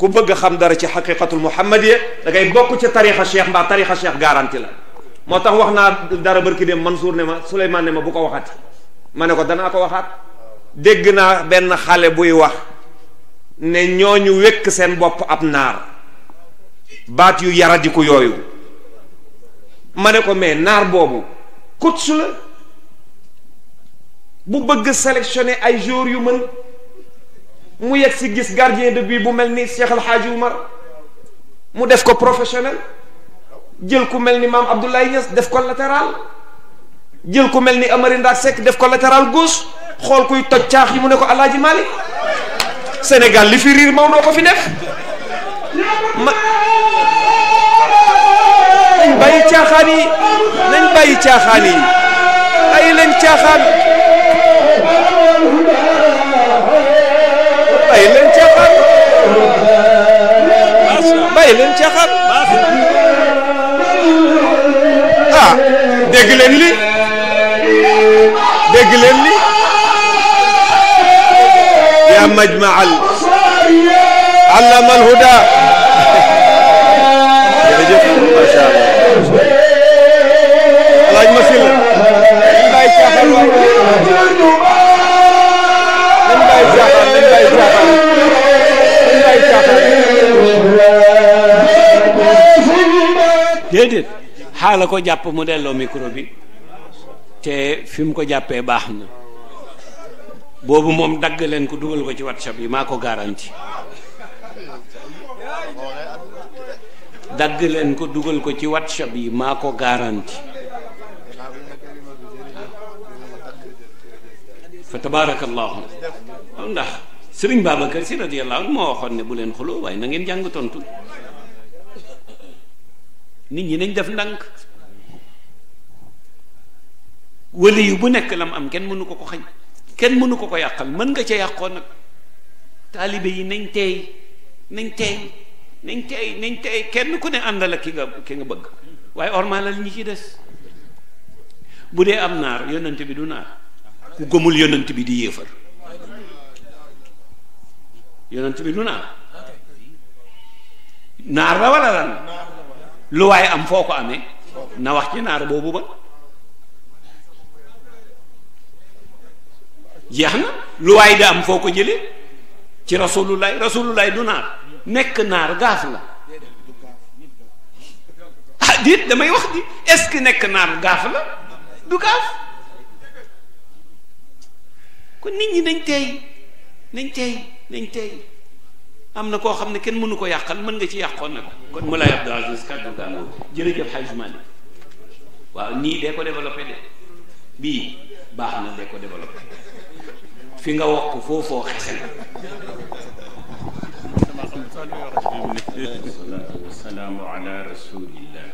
ku bëgg xam dara ci xaqiqatul muhammadiya da ngay bokk ca tarixa cheikh mbaa tarixa cheikh garanti la moo tax wax naa dara bërki dem Mansour ne ma Souleymane ne ma bu ko waxati ma ne ko danaa ko waxaat dégg naa benn xale buy wax ne ñoo ñu wékk seen bopp ab naar baat yu yaradiku yooyu ma ne ko mais naar boobu coach la bu bëgg sélectionner ay joueurs yu mën mu yegg si gis gardien de but bu mel ni Cheikh El Hadji Oumar mu def ko professionnel jël ku mel ni maam Abdoulaye Niass def ko latéral jël ku mel ni Amary Ndack Seck def ko latéral gauche xool kuy toj caax yi mu ne ko Alaaji Malick Sénégal li fi riir Maodo ko fi def ma nañ bàyyi caaxaan yi nañ bàyyi caaxaan yi bàyyi leen caaxaan. bàyyi leen caaxaan ah dégg leen li dégg leen li yaa majmaal allama al huda jërëjëf macha allah laaj ma si la bàyyi caaxaan waay déedéet xaala ko jàpp mu delloo micro te fi mu ko jàppee baax na boobu moom dagg leen ko dugal ko ci whatsapp yi maa ko garanti dagg leen ko dugal ko ci whatsapp yi maa ko garanti fa tabarakallahu ndax sëriñ Babacar si radiyallahu moo waxoon ne bu leen xuloo waaye na ngeen jàng tontu nit ñi nañ def ndànk wëli yu bu nekk lam am kenn mënu ko ko xañ kenn mënu ko ko yàqal mën nga ca yàqoo nag taalibe yi nañ teey nañ teey nañ teey nañ kenn ku ne àndal ak ki nga ki nga bëgg waaye ormalal ñi ci des bu dee am naar yonent bi du naar ku gëmul yonent bi di yéefar yonent bi du naar naar la wala lan lu waaye am foo ko amee na wax ci naar boobu ba jeex na lu waay di am foo ko jëlee ci rasulullaay rasulullaay du naar nekk naar gaaf la ah, diit damay wax di est nekk naar gaaf la du gaaf kon nit ñi nañ tey nañ tey nañ tey am na koo xam ne kenn mënu ko yàqal mën nga ci yàqoon na ko kon Moulay Abdou Aziz kàddu gàngoo jërëjëf Hadj Malick waaw nii dee ko développé de bii baax na dee ko développé fi nga wax ko foofoo xese na wassalaamu ala rasulillah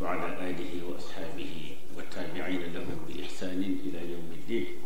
wa ala alihi wa ashabihi wa tabiina lahum bi ihsanin ila yawmi ddin